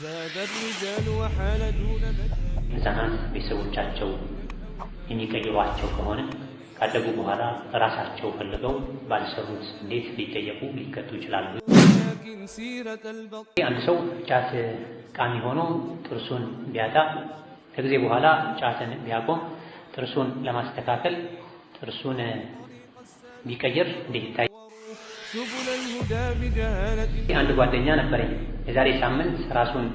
ህፃናት ቤተሰቦቻቸው የሚቀይሯቸው ከሆነ ካደጉ በኋላ ራሳቸው ፈልገው ባልሰሩት እንዴት ሊጠየቁ ሊቀጡ ይችላሉ? አንድ ሰው ጫት ቃሚ ሆኖ ጥርሱን ቢያጣ ከጊዜ በኋላ ጫትን ቢያቆም ጥርሱን ለማስተካከል ጥርሱን ቢቀይር እንዴት ይታያል? አንድ ጓደኛ ነበረኝ። የዛሬ ሳምንት ራሱን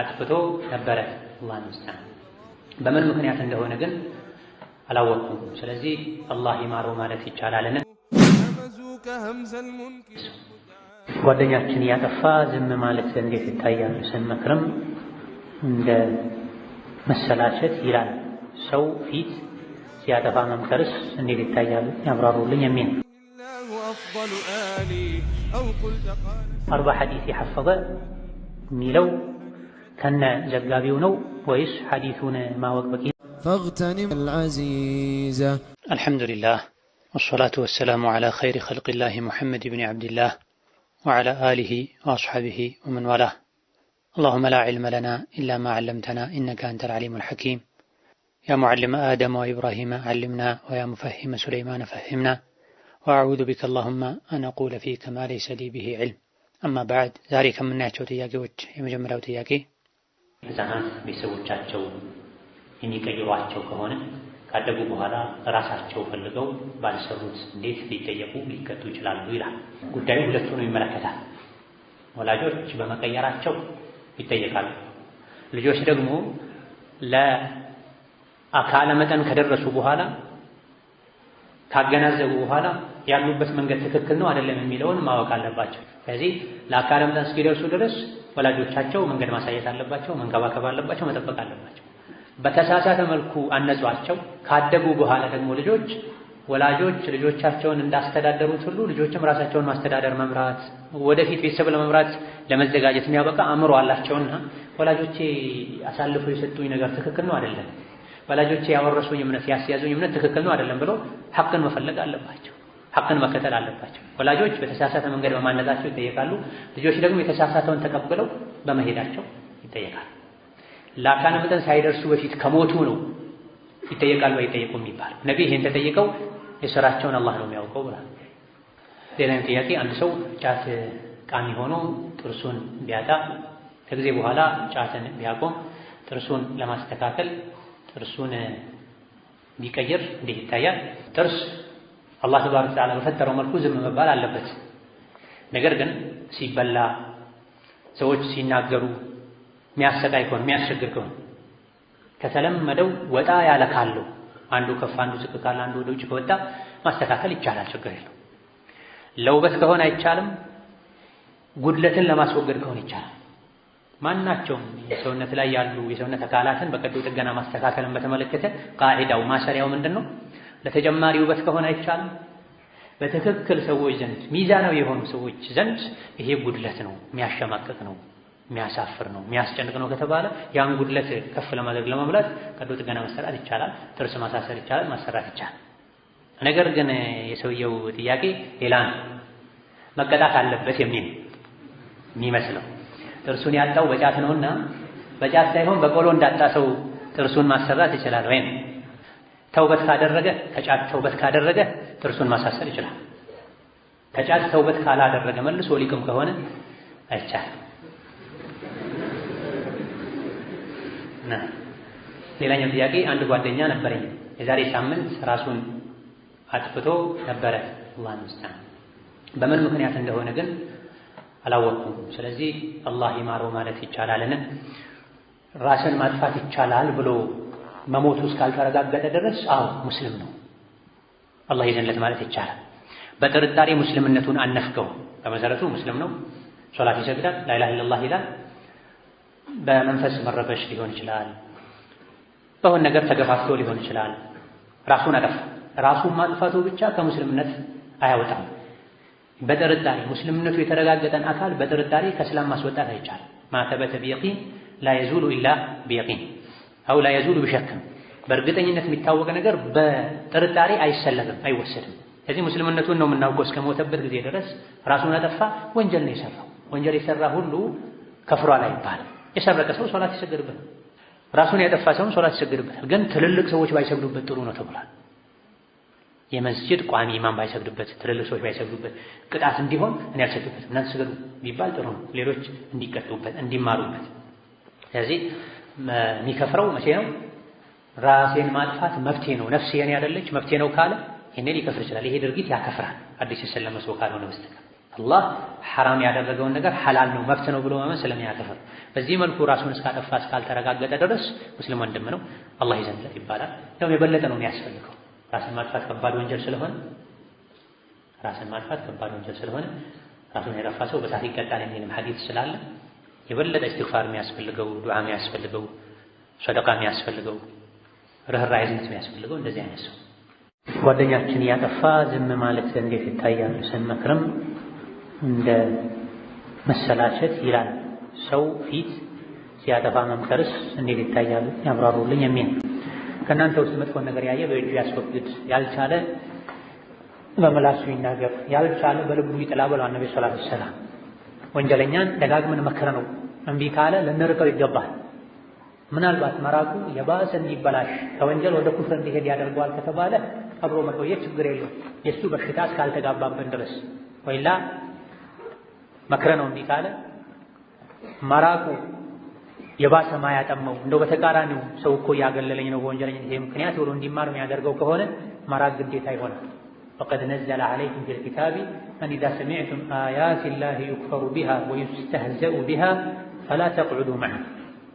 አጥፍቶ ነበረ። አላህ ይመስገን። በምን ምክንያት እንደሆነ ግን አላወቅኩም። ስለዚህ አላህ ይማረው ማለት ይቻላልን? ጓደኛችን ያጠፋ ዝም ማለት እንዴት ይታያል? ስንመክርም እንደ መሰላቸት ይላል። ሰው ፊት ሲያጠፋ መምከርስ እንዴት ይታያል? ያብራሩልኝ የሚል أفضل آلي أو قلت قال أربع حديث حفظة ميلو كان جقابيونو وإيش حديثون ما وقبك فاغتنم العزيزة الحمد لله والصلاة والسلام على خير خلق الله محمد بن عبد الله وعلى آله وأصحابه ومن والاه اللهم لا علم لنا إلا ما علمتنا إنك أنت العليم الحكيم يا معلم آدم وإبراهيم علمنا ويا مفهم سليمان فهمنا ወአዑዙ ቢከ አላሁመ አን ፊከ ማ ለይሰ ሊ ቢሂ ዒልም። አማ በዕድ ዛሬ ከምናያቸው ጥያቄዎች የመጀመሪያው ጥያቄ ህፃናት ቤተሰቦቻቸው የሚቀይሯቸው ከሆነ ካደጉ በኋላ ራሳቸው ፈልገው ባልሰሩት እንዴት ሊጠየቁ ሊቀጡ ይችላሉ? ይላል። ጉዳዩ ሁለቱንም ይመለከታል። ወላጆች በመቀየራቸው ይጠየቃሉ። ልጆች ደግሞ ለአካለ መጠን ከደረሱ በኋላ ካገናዘቡ በኋላ ያሉበት መንገድ ትክክል ነው አይደለም የሚለውን ማወቅ አለባቸው። ስለዚህ ለአካለ መጠን እስኪደርሱ ድረስ ወላጆቻቸው መንገድ ማሳየት አለባቸው፣ መንከባከብ አለባቸው፣ መጠበቅ አለባቸው። በተሳሳተ መልኩ አነጿቸው ካደጉ በኋላ ደግሞ ልጆች ወላጆች ልጆቻቸውን እንዳስተዳደሩት ሁሉ ልጆችም ራሳቸውን ማስተዳደር መምራት፣ ወደፊት ቤተሰብ ለመምራት ለመዘጋጀት የሚያበቃ አእምሮ አላቸውና ወላጆቼ አሳልፎ የሰጡኝ ነገር ትክክል ነው አይደለም ወላጆቼ ያወረሱኝ እምነት ያስያዙኝ እምነት ትክክል ነው አይደለም ብሎ ሐቅን መፈለግ አለባቸው። ሐቅን መከተል አለባቸው። ወላጆች በተሳሳተ መንገድ በማነጻቸው ይጠየቃሉ። ልጆች ደግሞ የተሳሳተውን ተቀብለው በመሄዳቸው ይጠየቃሉ። ለአካለ መጠን ሳይደርሱ በፊት ከሞቱ ነው ይጠየቃሉ አይጠየቁም የሚባለው። ነቢ ይሄን ተጠይቀው የሥራቸውን አላህ ነው የሚያውቀው ብሏል። ሌላኛው ጥያቄ አንድ ሰው ጫት ቃሚ ሆኖ ጥርሱን ቢያጣ ከጊዜ በኋላ ጫትን ቢያቆም ጥርሱን ለማስተካከል ጥርሱን ቢቀይር እንዴት ይታያል? ጥርስ አላህ ተባረከ ወተዓላ በፈጠረው መልኩ ዝም መባል አለበት። ነገር ግን ሲበላ፣ ሰዎች ሲናገሩ የሚያሰቃይ ከሆነ የሚያስቸግር ከሆነ ከተለመደው ወጣ ያለ ካለው አንዱ ከፍ አንዱ ዝቅ ካለ አንዱ ወደ ውጭ ከወጣ ማስተካከል ይቻላል፣ ችግር የለው። ለውበት ከሆነ አይቻልም፣ ጉድለትን ለማስወገድ ከሆነ ይቻላል። ማናቸውም ሰውነት ላይ ያሉ የሰውነት አካላትን በቀዶ ጥገና ማስተካከልን በተመለከተ ቃዒዳው ማሰሪያው ምንድን ነው? ለተጨማሪ ውበት ከሆነ አይቻልም። በትክክል ሰዎች ዘንድ ሚዛናዊ የሆኑ ሰዎች ዘንድ ይሄ ጉድለት ነው፣ የሚያሸማቅቅ ነው፣ የሚያሳፍር ነው፣ የሚያስጨንቅ ነው ከተባለ ያን ጉድለት ከፍ ለማድረግ ለመሙላት ቀዶ ጥገና መሰራት ይቻላል። ጥርስ ማሳሰር ይቻላል፣ ማሰራት ይቻላል። ነገር ግን የሰውየው ጥያቄ ሌላ ነው። መቀጣት አለበት የሚል የሚመስለው ጥርሱን ያጣው በጫት ነውና በጫት ሳይሆን በቆሎ እንዳጣ ሰው ጥርሱን ማሰራት ይችላል ወይ? ተውበት ካደረገ ከጫት ተውበት ካደረገ ጥርሱን ማሳሰር ይችላል። ከጫት ተውበት ካላደረገ መልሶ ሊቅም ከሆነ አይቻልም። ሌላኛው ጥያቄ አንድ ጓደኛ ነበረኝ። የዛሬ ሳምንት ራሱን አጥፍቶ ነበረ። አላህ በምን ምክንያት እንደሆነ ግን አላወቅኩም። ስለዚህ አላህ ይማረው ማለት ይቻላልን? ራስን ማጥፋት ይቻላል ብሎ መሞቱ እስካልተረጋገጠ ድረስ አዎ ሙስሊም ነው፣ አላህ ይዘንለት ማለት ይቻላል። በጥርጣሬ ሙስልምነቱን አነፍገው። በመሰረቱ ሙስሊም ነው፣ ሶላት ይሰግዳል፣ ላኢላሃ ኢለላህ ይላል። በመንፈስ መረበሽ ሊሆን ይችላል፣ በሆን ነገር ተገፋፍቶ ሊሆን ይችላል። ራሱን አጠፋ። ራሱን ማጥፋቱ ብቻ ከሙስልምነት አያወጣም። በጥርጣሬ ሙስልምነቱ የተረጋገጠን አካል በጥርጣሬ ከእስላም ማስወጣት አይቻልም። ማተበተ ቢየቂን ላየዙሉ ኢላ ቢየቂን አው ላየዙሉ ቢሸክም በእርግጠኝነት የሚታወቅ ነገር በጥርጣሬ አይሰለፍም፣ አይወሰድም። ስለዚህ ሙስልምነቱን ነው የምናውቀው እስከሞተበት ጊዜ ድረስ ራሱን አጠፋ፣ ወንጀል ነው የሰራው። ወንጀል የሰራ ሁሉ ከፍሯል አይባልም። የሰረቀ ሰው ሶላት ይሰግድበታል። ራሱን ያጠፋ ሰውም ሶላት ይሰግድበታል። ግን ትልልቅ ሰዎች ባይሰግዱበት ጥሩ ነው ተብሏል። የመስጅድ ቋሚ ኢማም ባይሰግዱበት ትልልቅ ሰዎች ባይሰግዱበት ቅጣት እንዲሆን እኔ አልሰግዱበትም እናንተ ስገዱ ቢባል ጥሩ ነው። ሌሎች እንዲቀጡበት እንዲማሩበት። ስለዚህ የሚከፍረው መቼ ነው? ራሴን ማጥፋት መብቴ ነው፣ ነፍስ የኔ አይደለች መብቴ ነው ካለ ይሄኔ ሊከፍር ይችላል። ይሄ ድርጊት ያከፍራል፣ አዲስ የሰለመ ሰው ካልሆነ በስተቀር አላህ ሐራም ያደረገውን ነገር ሐላል ነው መብት ነው ብሎ መመን ስለሚያከፍር በዚህ መልኩ ራሱን እስካጠፋ እስካልተረጋገጠ ድረስ ሙስሊም ወንድም ነው አላህ ይዘንለት ይባላል። እንደውም የበለጠ ነው የሚያስፈልገው ራስን ማጥፋት ከባድ ወንጀል ስለሆነ ራስን ማጥፋት ከባድ ወንጀል ስለሆነ ራሱን የጠፋ ሰው በሳት ይቀጣል የሚልም ሐዲስ ስላለ የበለጠ እስትግፋር የሚያስፈልገው ዱዓ የሚያስፈልገው ሰደቃ የሚያስፈልገው ርህራሄ ዝነት የሚያስፈልገው እንደዚህ አይነት ሰው። ጓደኛችን እያጠፋ ዝም ማለት እንዴት ይታያል? ስንመክርም እንደ መሰላቸት ይላል። ሰው ፊት ሲያጠፋ መምከርስ እንዴት ይታያል? ያብራሩልኝ የሚል ከእናንተ ውስጥ መጥፎን ነገር ያየ በእጁ ያስወግድ፣ ያልቻለ በመላሱ ይናገር፣ ያልቻለ በልቡ ይጥላ ብለዋል ነቢ ሰለላሁ ሰላም። ወንጀለኛን ደጋግመን መከረ ነው። እምቢ ካለ ልንርቀው ይገባል። ምናልባት መራቁ የባሰ እንዲበላሽ ከወንጀል ወደ ኩፍር እንዲሄድ ያደርገዋል ከተባለ አብሮ መቆየት ችግር የለው የእሱ በሽታ እስካልተጋባብን ድረስ ወይላ መክረ ነው እምቢ ካለ መራቁ የባሰ ማያጠመው እንደው በተቃራኒው ሰው እኮ እያገለለኝ ነው ይሄ ምክንያት ብሎ እንዲማር የሚያደርገው ከሆነ መራቅ ግዴታ ይሆናል። ፈቀድ ነዘለ ዓለይኩም ፊልኪታቢ አን ኢዛ ሰሚዕቱም አያት ላህ ዩክፈሩ ቢሃ ወዩስተህዘኡ ቢሃ ፈላ ተቅዑዱ መዓ።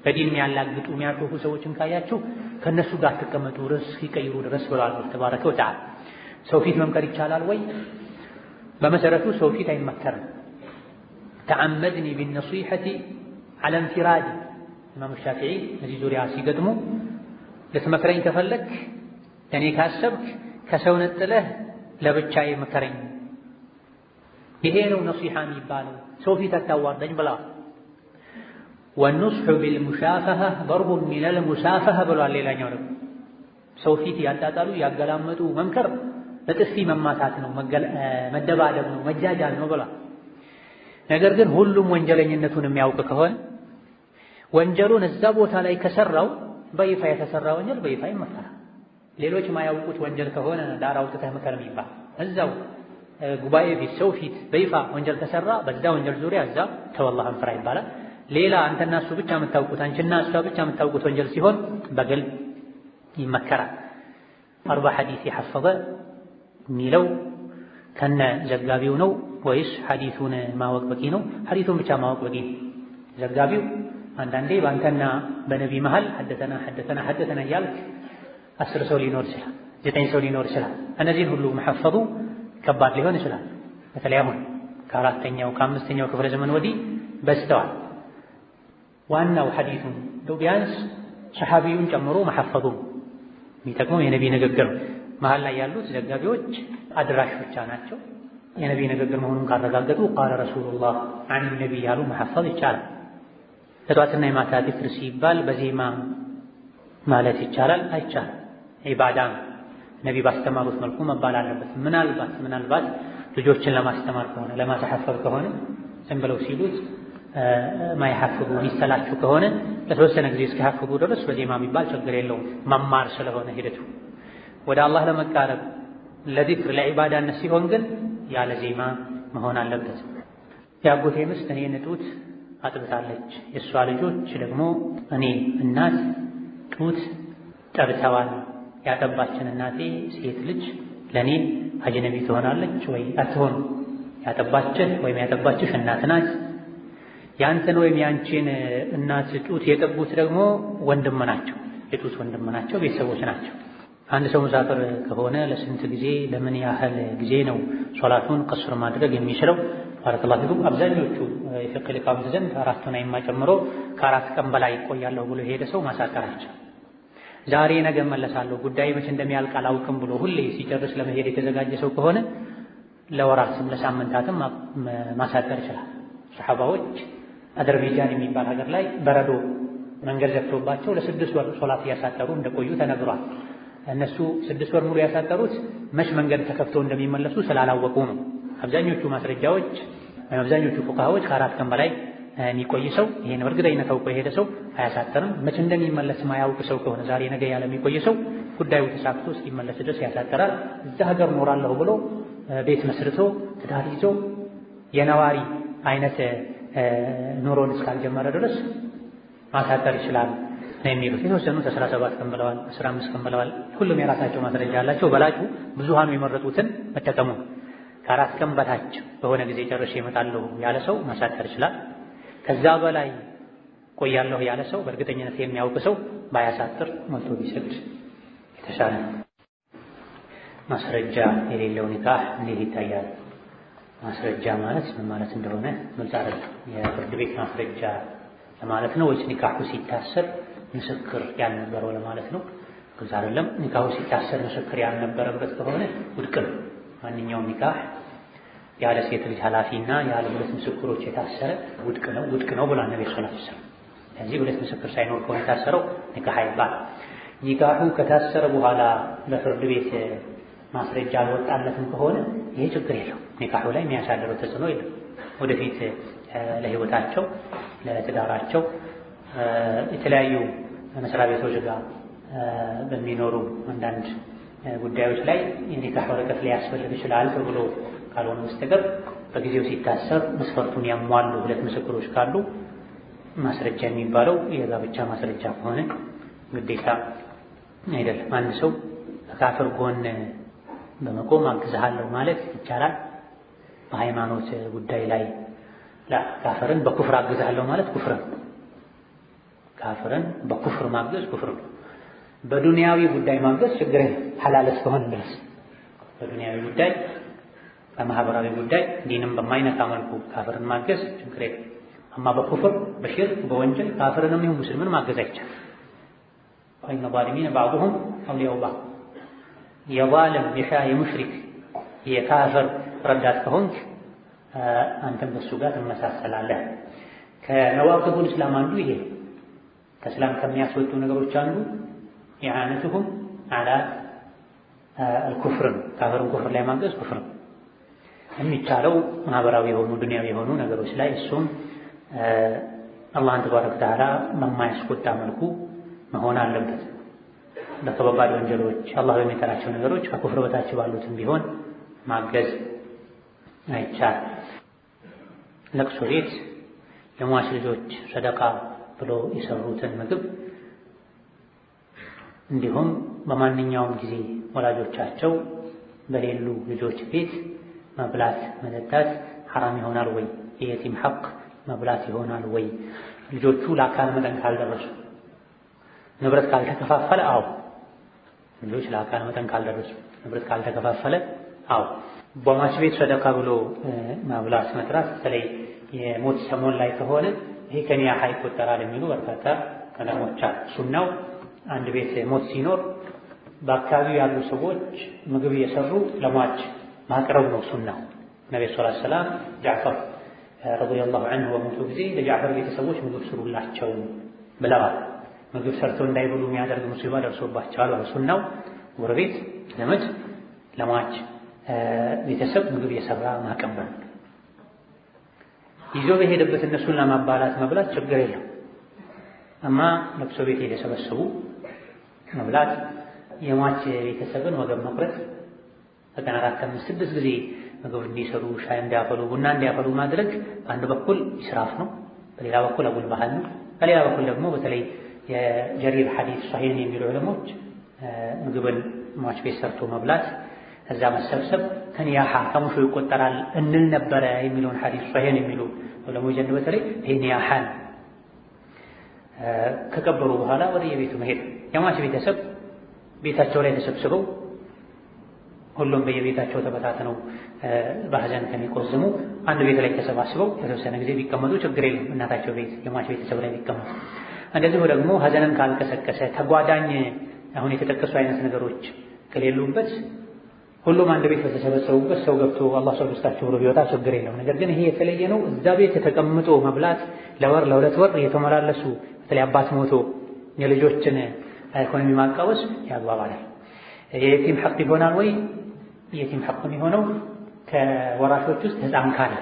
በዲን የሚያላግጡ የሚያሾፉ ሰዎችን ካያችሁ ከእነሱ ጋር ተቀመጡ ድረስ ይቀይሩ ድረስ ብሏል ተባረከ ወተዓላ። ሰው ፊት መምከር ይቻላል ወይ? በመሰረቱ ሰው ፊት አይመከርም። ተአመድኒ ቢነሲሐቲ ዐለ እንፊራዲ ኢማም ሻፊዒ እዚህ ዙሪያ ሲገጥሙ ልትመክረኝ ከፈለክ ለእኔ ካሰብክ ከሰው ነጥለህ ለብቻዬ ምከረኝ። ይሄ ነው ነሲሓ የሚባለው ሰው ፊት አታዋርደኝ ብላ ወኑስሑ ቢልሙሻፈሀ በርቡ ሚነል ሙሳፈሀ ብሏል። ሌላኛው ደግሞ ሰው ፊት ያጣጣሉ ያገላመጡ መምከር በጥፊ መማታት ነው፣ መደባደብ ነው፣ መጃጃል ነው ብሏል። ነገር ግን ሁሉም ወንጀለኝነቱን የሚያውቅ ከሆነ ወንጀሉን እዛ ቦታ ላይ ከሰራው በይፋ የተሰራ ወንጀል በይፋ ይመከራል። ሌሎች ማያውቁት ወንጀል ከሆነ ዳር አውጥተህ ምከር የሚባል እዛው ጉባኤ ፊት ሰው ፊት በይፋ ወንጀል ከሰራ በዛ ወንጀል ዙሪያ እዛ ተወላህ አንፍራ ይባላል። ሌላ አንተና እሱ ብቻ የምታውቁት አንቺና እሷ ብቻ የምታውቁት ወንጀል ሲሆን በግል ይመከራል። አርባ ሐዲስ የሐፈበ የሚለው ከነ ዘጋቢው ነው ወይስ ሐዲሱን ማወቅ በቂ ነው? ሐዲሱን ብቻ ማወቅ በቂ ነው። ዘጋቢው አንዳንዴ በአንተና በነቢ መሃል ሐደተና ሐደተና ሐደተና እያልክ አስር ሰው ሊኖር ይችላል፣ ዘጠኝ ሰው ሊኖር ይችላል። እነዚህን ሁሉ መሐፈዙ ከባድ ሊሆን ይችላል። በተለይ አሁን ከአራተኛው ከአምስተኛው ክፍለ ዘመን ወዲህ በስተዋል። ዋናው ሐዲቱን ቢያንስ ሰሐቢውን ጨምሮ መሐፈዙ የሚጠቅመው የነቢ ንግግር መሃል ላይ ያሉት ዘጋቢዎች አድራሽ ብቻ ናቸው። የነቢ ንግግር መሆኑን ካረጋገጡ ቃለ ረሱሉላህ አን ነቢይ ያሉ መሐፈዝ ይቻላል። የጧትና የማታ ዚክር ሲባል በዜማ ማለት ይቻላል አይቻልም? ኢባዳ ነው። ነቢ ባስተማሩት መልኩ መባል አለበት። ምናልባት ምናልባት ልጆችን ለማስተማር ከሆነ ለማተሐፈብ ከሆነ ዝም ብለው ሲሉት ማይሐፍቡ የሚሰላችሁ ከሆነ ለተወሰነ ጊዜ እስኪሐፍቡ ድረስ በዜማ የሚባል ችግር የለውም። መማር ስለሆነ ሂደቱ ወደ አላህ ለመቃረብ ለዚክር ለዒባዳነት ሲሆን ግን ያለ ዜማ መሆን አለበት። የአጎቴ ምስት እኔን ጡት አጥብታለች። የእሷ ልጆች ደግሞ እኔ እናት ጡት ጠብተዋል። ያጠባችን እናቴ ሴት ልጅ ለእኔ አጅነቢ ትሆናለች ወይ አትሆን? ያጠባችህ ወይም ያጠባችሁ እናት ናት። ያንተን ወይም ያንቺን እናት ጡት የጠቡት ደግሞ ወንድም ናቸው፣ የጡት ወንድም ናቸው፣ ቤተሰቦች ናቸው። አንድ ሰው ሙሳፍር ከሆነ ለስንት ጊዜ ለምን ያህል ጊዜ ነው ሶላቱን ቀሱር ማድረግ የሚችለው? ባረከላሁ ፊኩም አብዛኞቹ የፍቅህ ሊቃውንት ዘንድ አራቱን አይማ ጨምሮ ከአራት ቀን በላይ ይቆያለሁ ብሎ የሄደ ሰው ማሳከራቸው ዛሬ ነገ እመለሳለሁ ጉዳይ መቼ እንደሚያልቅ አላውቅም ብሎ ሁሌ ሲጨርስ ለመሄድ የተዘጋጀ ሰው ከሆነ ለወራትም ለሳምንታትም ማሳጠር ይችላል። ሰሐባዎች አዘርቤጃን የሚባል ሀገር ላይ በረዶ መንገድ ዘግቶባቸው ለስድስት ወር ሶላት እያሳጠሩ እንደቆዩ ተነግሯል። እነሱ ስድስት ወር ሙሉ ያሳጠሩት መች መንገድ ተከፍቶ እንደሚመለሱ ስላላወቁ ነው። አብዛኞቹ ማስረጃዎች ወይም አብዛኞቹ ፉቃሃዎች ከአራት ቀን በላይ የሚቆይ ሰው ይሄን በእርግጠኝነት አውቆ የሄደ ሰው አያሳጠርም። መቼ እንደሚመለስ ማያውቅ ሰው ከሆነ ዛሬ ነገ ያለ የሚቆይ ሰው ጉዳዩ ተሳክቶ እስኪመለስ ድረስ ያሳጠራል። እዛ ሀገር ኖራለሁ ብሎ ቤት መስርቶ ትዳር ይዞ የነዋሪ አይነት ኑሮን እስካልጀመረ ድረስ ማሳጠር ይችላል ነው የሚሉት። የተወሰኑት አስራ ሰባት ቀን ብለዋል፣ አስራ አምስት ቀን ብለዋል። ሁሉም የራሳቸው ማስረጃ አላቸው። በላጩ ብዙሃኑ የመረጡትን መጠቀሙ ከአራት ቀን በታች በሆነ ጊዜ ጨርሼ እመጣለሁ ያለ ሰው ማሳጠር ይችላል። ከዛ በላይ ቆያለሁ ያለ ሰው በእርግጠኝነት የሚያውቅ ሰው ባያሳጥር ሞልቶ ቢሰግድ የተሻለ ነው። ማስረጃ የሌለው ኒካህ እንዴት ይታያል? ማስረጃ ማለት ምን ማለት እንደሆነ መልጻረ የፍርድ ቤት ማስረጃ ለማለት ነው ወይስ ኒካሁ ሲታሰር ምስክር ያልነበረው ለማለት ነው? ግልጽ አይደለም። ኒካሁ ሲታሰር ምስክር ያልነበረበት ከሆነ ውድቅ ነው። ማንኛውም ኒካህ ያለ ሴት ልጅ ኃላፊና ያለ ሁለት ምስክሮች የታሰረ ውድቅ ነው ውድቅ ነው ብሏል ነብዩ ሰለላሁ ዐለይሂ ወሰለም። ከዚህ ሁለት ምስክር ሳይኖር ከሆነ የታሰረው ኒካህ አይባል። ኒካሁ ከታሰረ በኋላ ለፍርድ ቤት ማስረጃ አልወጣለትም ከሆነ ይሄ ችግር የለው፣ ኒካሁ ላይ የሚያሳድረው ተጽዕኖ የለም። ወደፊት ለህይወታቸው ለትዳራቸው የተለያዩ መስሪያ ቤቶች ጋር በሚኖሩ አንዳንድ ጉዳዮች ላይ የኒካህ ወረቀት ሊያስፈልግ ይችላል ተብሎ ካልሆነ በስተቀር በጊዜው ሲታሰር መስፈርቱን ያሟሉ ሁለት ምስክሮች ካሉ ማስረጃ የሚባለው የጋብቻ ማስረጃ ከሆነ ግዴታ አይደለም። አንድ ሰው ከካፍር ጎን በመቆም አግዝሃለሁ ማለት ይቻላል? በሃይማኖት ጉዳይ ላይ ካፍርን በኩፍር አግዝሃለሁ ማለት ኩፍር ነው። ካፍርን በኩፍር ማገዝ ኩፍር ነው። በዱንያዊ ጉዳይ ማገዝ ችግር ሐላል እስከሆነ ድረስ በዱንያዊ ጉዳይ፣ በማህበራዊ ጉዳይ ዲንም በማይነካ መልኩ ካፍርን ማገዝ ችግር የለም። አማ በኩፍር በሽርክ በወንጀል ካፍርንም ይሁን ሙስልምን ማገዝ አይቻልም። ወኢነ ዛሊሚነ ባዕዱሁም አውሊያው ባዕድ የዛልም የሻ የሙሽሪክ የካፍር ረዳት ከሆንክ አንተም በሱ ጋር ትመሳሰላለህ። ከነዋቂቡል እስላም አንዱ ይሄ ከእስላም ከሚያስወጡ ነገሮች አንዱ ኢዓነትሁም ዓላ አልኩፍር ነው። ካፈርን ኩፍር ላይ ማገዝ ኩፍር ነው። የሚቻለው ማህበራዊ የሆኑ ዱንያዊ የሆኑ ነገሮች ላይ እሱም አላህን ተባረከ ወተዓላ በማያስቆጣ መልኩ መሆን አለበት። በከባድ ወንጀሎች አላህ በሚጠራቸው ነገሮች ከኩፍር በታች ባሉትም ቢሆን ማገዝ አይቻል። ለቅሶ ቤት ለሟች ልጆች ሰደቃ ብሎ የሰሩትን ምግብ እንዲሁም በማንኛውም ጊዜ ወላጆቻቸው በሌሉ ልጆች ቤት መብላት መጠጣት ሐራም ይሆናል ወይ? የየቲም ሐቅ መብላት ይሆናል ወይ? ልጆቹ ለአካል መጠን ካልደረሱ ንብረት ካልተከፋፈለ፣ አዎ። ልጆች ለአካል መጠን ካልደረሱ ንብረት ካልተከፋፈለ፣ አዎ። በሟች ቤት ሰደቃ ብሎ መብላት መጥራት፣ በተለይ የሞት ሰሞን ላይ ከሆነ ይሄ ከኒያ ከኒያሃ ይቆጠራል የሚሉ በርካታ ቀለሞች ሱናው አንድ ቤት ሞት ሲኖር በአካባቢው ያሉ ሰዎች ምግብ እየሰሩ ለሟች ማቅረብ ነው ሱናው። ነብዩ ሰለላሁ ዐለይሂ ወሰለም ጃዕፈር ረዲየላሁ ዐንሁ በሞቱ ጊዜ ለጃዕፈር ቤተሰቦች ምግብ ስሩላቸው ብለዋል። ምግብ ሰርቶ እንዳይበሉ የሚያደርግ ሙሲባ ደርሶባቸዋል። ሱናው ጎረቤት፣ ዘመድ፣ ለሟች ቤተሰብ ምግብ እየሰራ ማቀበል። ይዞ በሄደበት እነሱን ለማባላት መብላት ችግር የለም። እማ ለቅሶ ቤት የተሰበሰቡ መብላት፣ የሟች ቤተሰብን ወገብ መቁረጥ፣ በቀን አራት አምስት ስድስት ጊዜ ምግብ እንዲሰሩ፣ ሻይ እንዲያፈሉ፣ ቡና እንዲያፈሉ ማድረግ በአንድ በኩል ኢስራፍ ነው፣ በሌላ በኩል አጉል ባህል ነው። በሌላ በኩል ደግሞ በተለይ የጀሪር ሐዲስ ሷሂህን የሚሉ ዕለሞች ምግብን ሟች ቤት ሰርቶ መብላት ከዛ መሰብሰብ ከኒያሃ ከሙሾ ይቆጠራል እንል ነበረ የሚለውን ሐዲስ ሷሂህን የሚሉ ዕለሞች ዘንድ በተለይ ይሄ ኒያሃ ነው። ከቀበሩ በኋላ ወደ የቤቱ መሄድ የሟች ቤተሰብ ቤታቸው ላይ ተሰብስበው ሁሉም በየቤታቸው ተበታትነው በሀዘን ከሚቆዝሙ አንድ ቤት ላይ ተሰባስበው ለተወሰነ ጊዜ ቢቀመጡ ችግር የለም። እናታቸው ቤት የሟች ቤተሰብ ላይ ቢቀመጡ፣ እንደዚሁ ደግሞ ሀዘንን ካልቀሰቀሰ ተጓዳኝ አሁን የተጠቀሱ አይነት ነገሮች ከሌሉበት ሁሉም አንድ ቤት በተሰበሰቡበት ሰው ገብቶ አላህ ሰው ልስጣችሁ ብሎ ቢወጣ ችግር የለውም። ነገር ግን ይሄ የተለየ ነው። እዛ ቤት ተቀምጦ መብላት ለወር ለሁለት ወር እየተመላለሱ በተለይ አባት ሞቶ የልጆችን ኢኮኖሚ ማቃወስ ያግባባላል። የየቲም ሐቅ ይሆናል ወይ? የቲም ሐቅ የሚሆነው ከወራሾች ውስጥ ህፃን ካለ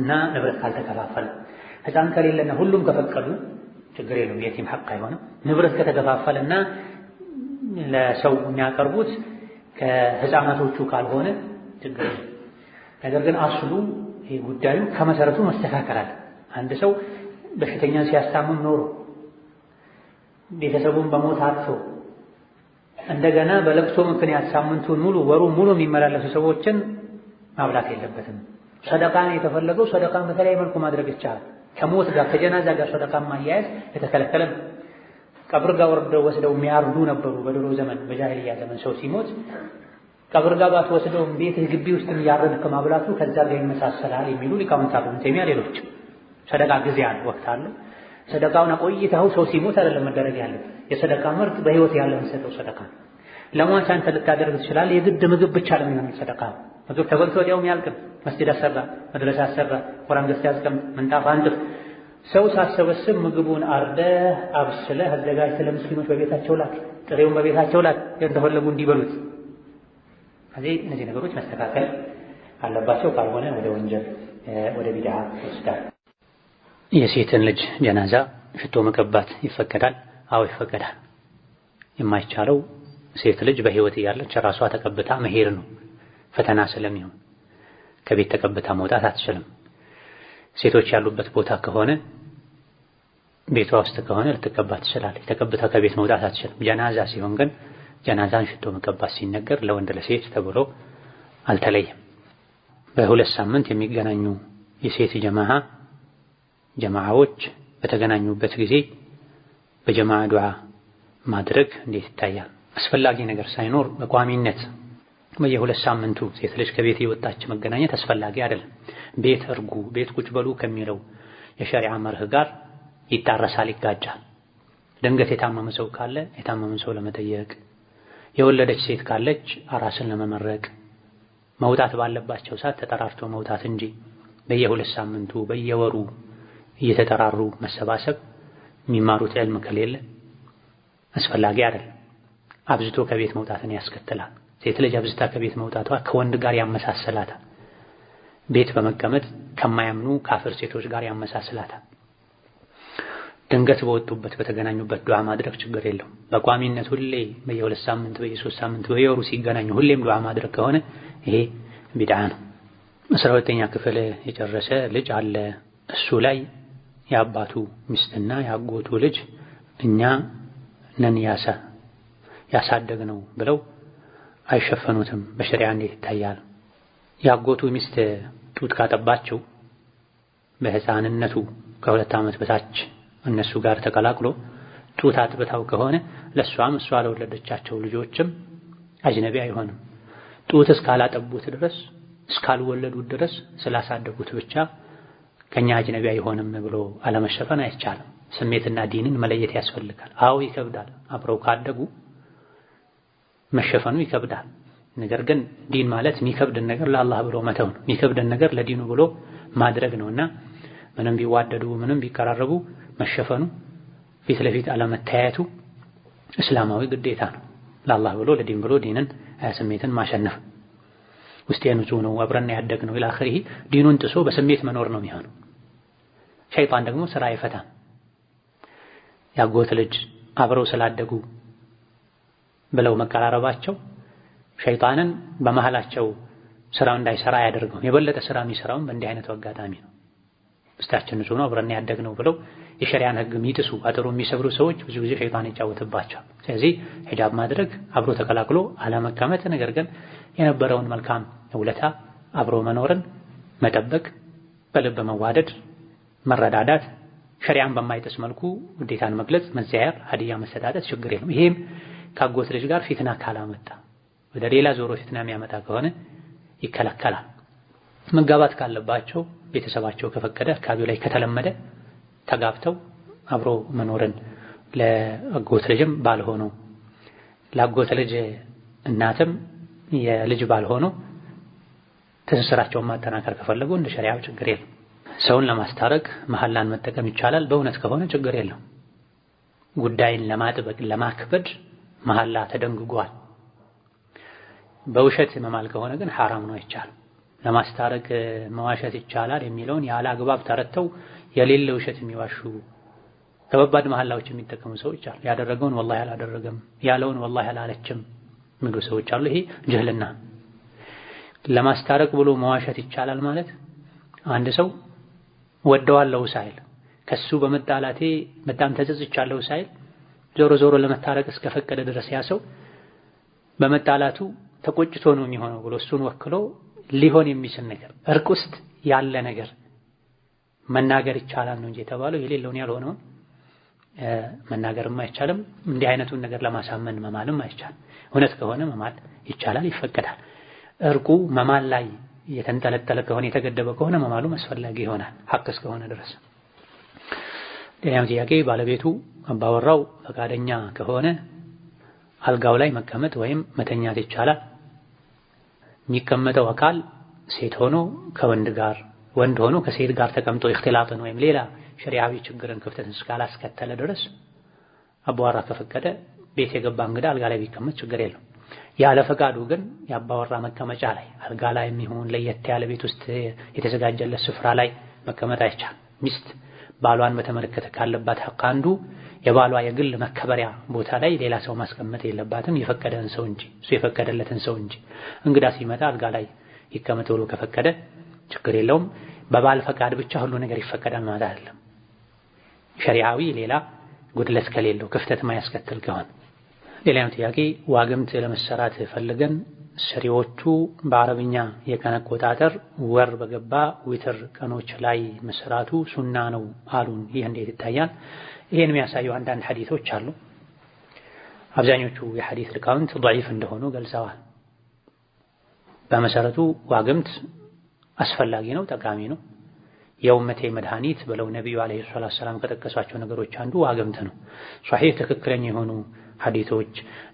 እና ንብረት ካልተከፋፈለ። ህፃን ከሌለና ሁሉም ከፈቀዱ ችግር የለውም፣ የቲም ሐቅ አይሆንም። ንብረት ከተከፋፈለና ለሰው የሚያቀርቡት ከህፃናቶቹ ካልሆነ ችግር ነገር ግን አስሉ ይሄ ጉዳዩ ከመሰረቱ መስተካከላል። አንድ ሰው በሽተኛ ሲያስታምም ኖሮ ቤተሰቡን በሞት አጥቶ እንደገና በለቅሶ ምክንያት ሳምንቱን ሙሉ ወሩ ሙሉ የሚመላለሱ ሰዎችን ማብላት የለበትም። ሰደቃን የተፈለገው ሰደቃን በተለያየ መልኩ ማድረግ ይቻላል። ከሞት ጋር ከጀናዛ ጋር ሰደቃን ማያያዝ የተከለከለ ነው። ቀብር ጋር ወርደው ወስደው የሚያርዱ ነበሩ። በድሮ ዘመን በጃሂልያ ዘመን ሰው ሲሞት ቀብር ጋር ባትወስደው ቤትህ ግቢ ውስጥም እያረድክ ማብላቱ ከዛ ጋር ይመሳሰላል የሚሉ ሊቃውንት አሉ። ቴሚያ ሌሎች ሰደቃ ጊዜ አለ፣ ወቅት አለ። ሰደቃውን አቆይተኸው ሰው ሲሞት አይደለም መደረግ ያለ የሰደቃ መርጥ በህይወት ያለ የሚሰጠው ሰደቃ ለሟች አንተ ልታደርግ ትችላለህ። የግድ ምግብ ብቻ ለሚሆን ሰደቃ ምግብ ተበልቶ ወዲያውም ያልቅም። መስጂድ አሰራ፣ መድረሳ አሰራ፣ ቁርአን ገዝተህ አስቀምጥ፣ ምንጣፍ አንጥፍ ሰው ሳሰበስብ ምግቡን አርደህ አብስለህ አዘጋጅተህ ለምስኪኖች በቤታቸው ላክ፣ ጥሬውን በቤታቸው ላክ እንደፈለጉ እንዲበሉት። ከዚህ እነዚህ ነገሮች መስተካከል አለባቸው። ካልሆነ ወደ ወንጀል ወደ ቢድዓ ይወስዳል። የሴትን ልጅ ጀናዛ ሽቶ መቀባት ይፈቀዳል? አዎ ይፈቀዳል። የማይቻለው ሴት ልጅ በህይወት እያለች ራሷ ተቀብታ መሄድ ነው። ፈተና ስለሚሆን ከቤት ተቀብታ መውጣት አትችልም። ሴቶች ያሉበት ቦታ ከሆነ ቤቷ ውስጥ ከሆነ ልትቀባ ትችላለች። ተቀብታ ከቤት መውጣት አትችልም። ጀናዛ ሲሆን ግን ጀናዛን ሽቶ መቀባት ሲነገር ለወንድ ለሴት ተብሎ አልተለየም። በሁለት ሳምንት የሚገናኙ የሴት ጀማዓ ጀማዓዎች በተገናኙበት ጊዜ በጀማዓ ዱዓ ማድረግ እንዴት ይታያል? አስፈላጊ ነገር ሳይኖር በቋሚነት በየሁለት ሳምንቱ ሴት ልጅ ከቤት የወጣች መገናኘት አስፈላጊ አይደለም። ቤት እርጉ ቤት ቁጭ በሉ ከሚለው የሸሪዓ መርህ ጋር ይጣረሳል፣ ይጋጫል። ድንገት የታመመ ሰው ካለ የታመመ ሰው ለመጠየቅ፣ የወለደች ሴት ካለች አራስን ለመመረቅ መውጣት ባለባቸው ሰዓት ተጠራርቶ መውጣት እንጂ በየሁለት ሳምንቱ በየወሩ እየተጠራሩ መሰባሰብ የሚማሩት ዕልም ከሌለ አስፈላጊ አይደለም። አብዝቶ ከቤት መውጣትን ያስከትላል። ሴት ልጅ አብዝታ ከቤት መውጣቷ ከወንድ ጋር ያመሳሰላታል። ቤት በመቀመጥ ከማያምኑ ካፍር ሴቶች ጋር ያመሳሰላታ ድንገት በወጡበት በተገናኙበት ዱዓ ማድረግ ችግር የለው። በቋሚነት ሁሌ በየሁለት ሳምንት፣ በየሶስት ሳምንት፣ በየወሩ ሲገናኙ ሁሌም ዱዓ ማድረግ ከሆነ ይሄ ቢድዓ ነው። አስራ ሁለተኛ ክፍል የጨረሰ ልጅ አለ። እሱ ላይ የአባቱ ሚስትና የአጎቱ ልጅ እኛ ነን ያሳደግ ነው ብለው አይሸፈኑትም። በሸሪያ እንዴት ይታያል? ያጎቱ ሚስት ጡት ካጠባቸው በህፃንነቱ ከሁለት ዓመት በታች እነሱ ጋር ተቀላቅሎ ጡት አጥብታው ከሆነ ለእሷም እሷ ለወለደቻቸው ልጆችም አጅነቢ አይሆንም። ጡት እስካላጠቡት ድረስ እስካልወለዱት ድረስ ስላሳደጉት ብቻ ከኛ አጅነቢ አይሆንም ብሎ አለመሸፈን አይቻልም። ስሜትና ዲንን መለየት ያስፈልጋል። አዎ ይከብዳል። አብረው ካደጉ መሸፈኑ ይከብዳል። ነገር ግን ዲን ማለት የሚከብድን ነገር ለአላህ ብሎ መተው ነው። የሚከብድን ነገር ለዲኑ ብሎ ማድረግ ነውና ምንም ቢዋደዱ ምንም ቢቀራረቡ መሸፈኑ፣ ፊት ለፊት አለመተያየቱ እስላማዊ ግዴታ ነው። ለአላህ ብሎ ለዲን ብሎ ዲንን ስሜትን ማሸነፍ ውስጤ ንጹህ ነው አብረን ያደግ ነው ይላል። ይሄ ዲኑን ጥሶ በስሜት መኖር ነው የሚሆነው። ሸይጣን ደግሞ ስራ አይፈታም። ያጎት ልጅ አብረው ስላደጉ ብለው መቀራረባቸው ሸይጣንን በመሃላቸው ስራው እንዳይሰራ አያደርገውም። የበለጠ ስራ የሚሰራውም በእንዲህ አይነቱ አጋጣሚ ነው። ውስጣችን ንጹህ ነው፣ አብረን ያደግነው ብለው የሸሪያን ህግ የሚጥሱ አጥሩ የሚሰብሩ ሰዎች ብዙ ጊዜ ሸይጣን ይጫወትባቸዋል። ስለዚህ ሂጃብ ማድረግ አብሮ ተቀላቅሎ አለመቀመጥ፣ ነገር ግን የነበረውን መልካም ውለታ አብሮ መኖርን መጠበቅ፣ በልብ መዋደድ፣ መረዳዳት፣ ሸሪያን በማይጥስ መልኩ ውዴታን መግለጽ፣ መዘያየር፣ ሀዲያ መሰጣጠት ችግር የለም። ይሄም ካጎት ልጅ ጋር ፊትና ካላመጣ ወደ ሌላ ዞሮ ፊትና የሚያመጣ ከሆነ ይከለከላል። መጋባት ካለባቸው ቤተሰባቸው ከፈቀደ አካባቢው ላይ ከተለመደ ተጋብተው አብሮ መኖርን ለአጎት ልጅም ባል ሆኖ ለአጎት ልጅ እናትም የልጅ ባል ሆኖ ትስስራቸውን ማጠናከር ከፈለጉ እንደ ሸሪዓው ችግር የለም። ሰውን ለማስታረቅ መሐላን መጠቀም ይቻላል። በእውነት ከሆነ ችግር የለም። ጉዳይን ለማጥበቅ ለማክበድ መሐላ ተደንግጓል። በውሸት መማል ከሆነ ግን ሐራም ነው፣ አይቻልም። ለማስታረቅ መዋሸት ይቻላል የሚለውን ያለ አግባብ ተረድተው የሌለ ውሸት የሚዋሹ ከባባድ መሐላዎች የሚጠቀሙ ሰዎች አሉ። ያደረገውን ወላሂ አላደረገም ያለውን ወላሂ አላለችም የሚሉ ሰዎች አሉ። ይሄ ጅህልና ለማስታረቅ ብሎ መዋሸት ይቻላል ማለት አንድ ሰው ወደዋለው ሳይል ከሱ በመጣላቴ በጣም ተጸጽቻለሁ ሳይል ዞሮ ዞሮ ለመታረቅ እስከፈቀደ ድረስ ያ ሰው በመጣላቱ ተቆጭቶ ነው የሚሆነው ብሎ እሱን ወክሎ ሊሆን የሚችል ነገር እርቅ ውስጥ ያለ ነገር መናገር ይቻላል ነው እንጂ የተባለው የሌለውን ያልሆነውን መናገርም አይቻልም። እንዲህ አይነቱን ነገር ለማሳመን መማልም አይቻልም። እውነት ከሆነ መማል ይቻላል፣ ይፈቀዳል። እርቁ መማል ላይ የተንጠለጠለ ከሆነ የተገደበ ከሆነ መማሉ አስፈላጊ ይሆናል ሀቅ እስከሆነ ድረስ ሌላኛው ጥያቄ ባለቤቱ አባወራው ፈቃደኛ ከሆነ አልጋው ላይ መቀመጥ ወይም መተኛት ይቻላል። የሚቀመጠው አካል ሴት ሆኖ ከወንድ ጋር፣ ወንድ ሆኖ ከሴት ጋር ተቀምጦ ኢኽትላጥን ወይም ሌላ ሸሪዓዊ ችግርን ክፍተትን እስካላስከተለ ድረስ አባወራ ከፈቀደ ቤት የገባ እንግዳ አልጋ ላይ ቢቀመጥ ችግር የለው። ያለ ፈቃዱ ግን የአባወራ መቀመጫ ላይ አልጋ ላይ የሚሆን ለየት ያለ ቤት ውስጥ የተዘጋጀለት ስፍራ ላይ መቀመጥ አይቻል ሚስት ባሏን በተመለከተ ካለባት ሐቅ አንዱ የባሏ የግል መከበሪያ ቦታ ላይ ሌላ ሰው ማስቀመጥ የለባትም የፈቀደን ሰው እንጂ እሱ የፈቀደለትን ሰው እንጂ። እንግዳ ሲመጣ አልጋ ላይ ይቀመጥ ብሎ ከፈቀደ ችግር የለውም። በባል ፈቃድ ብቻ ሁሉ ነገር ይፈቀዳል ማለት አይደለም። ሸሪዓዊ ሌላ ጉድለት ከሌለው ክፍተት ማያስከትል ከሆነ ሌላኛው ጥያቄ ዋግምት ለመሰራት ፈልገን ሰሪዎቹ በአረብኛ የቀን አቆጣጠር ወር በገባ ዊትር ቀኖች ላይ መስራቱ ሱና ነው አሉን። ይህ እንዴት ይታያል? ይህን የሚያሳዩ አንዳንድ ሐዲቶች አሉ። አብዛኞቹ የሐዲት ሊቃውንት ዶዒፍ እንደሆኑ ገልጸዋል። በመሰረቱ ዋግምት አስፈላጊ ነው፣ ጠቃሚ ነው። የውመቴ መድኃኒት ብለው ነቢዩ ዓለይሂ ሰላቱ ሰላም ከጠቀሷቸው ነገሮች አንዱ ዋግምት ነው። ሷሒህ ትክክለኛ የሆኑ ሐዲቶች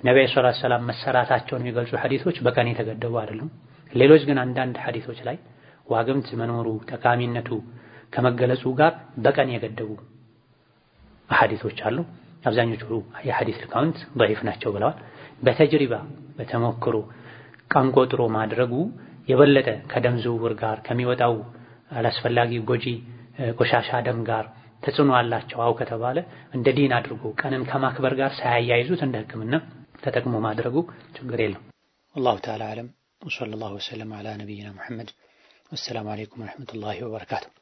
ነቢ ዓለይሂ ሰላቱ ሰላም መሰራታቸውን የሚገልጹ ሐዲቶች በቀን የተገደቡ አይደሉም። ሌሎች ግን አንዳንድ ሐዲቶች ላይ ዋግምት መኖሩ ጠቃሚነቱ ከመገለጹ ጋር በቀን የገደቡ ሐዲቶች አሉ። አብዛኞቹ የሐዲስ ሊቃውንት ደዒፍ ናቸው ብለዋል። በተጅሪባ በተሞክሮ ቀን ቆጥሮ ማድረጉ የበለጠ ከደም ዝውውር ጋር ከሚወጣው አላስፈላጊ ጎጂ ቆሻሻ ደም ጋር ተጽዕኖ አላቸው። አው ከተባለ እንደ ዲን አድርጎ ቀንን ከማክበር ጋር ሳያያይዙት እንደ ሕክምና ተጠቅሞ ማድረጉ ችግር የለው። አላሁ ተዓላ አለም ወሰለላሁ ወሰለም አላ ነቢይና ሙሐመድ ወሰላሙ አለይኩም ወረሕመቱላሂ ወበረካቱ።